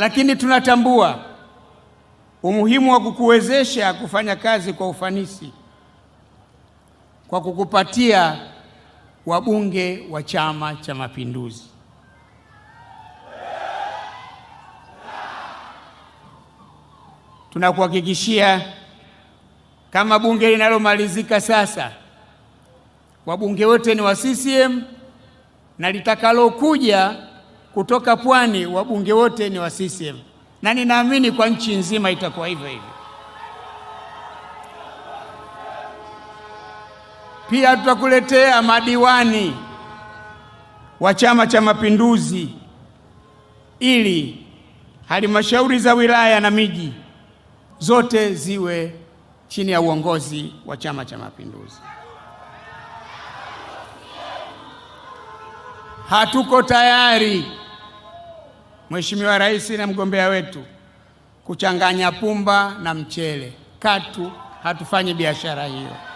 lakini tunatambua umuhimu wa kukuwezesha kufanya kazi kwa ufanisi kwa kukupatia wabunge wa Chama cha Mapinduzi. Tunakuhakikishia kama bunge linalomalizika sasa, wabunge wote ni wa CCM na litakalokuja kutoka pwani, wabunge wote ni wa CCM na ninaamini kwa nchi nzima itakuwa hivyo hivyo. Pia tutakuletea madiwani wa Chama cha Mapinduzi ili halmashauri za wilaya na miji zote ziwe chini ya uongozi wa Chama cha Mapinduzi. Hatuko tayari Mheshimiwa Rais na mgombea wetu kuchanganya pumba na mchele. Katu hatufanyi biashara hiyo.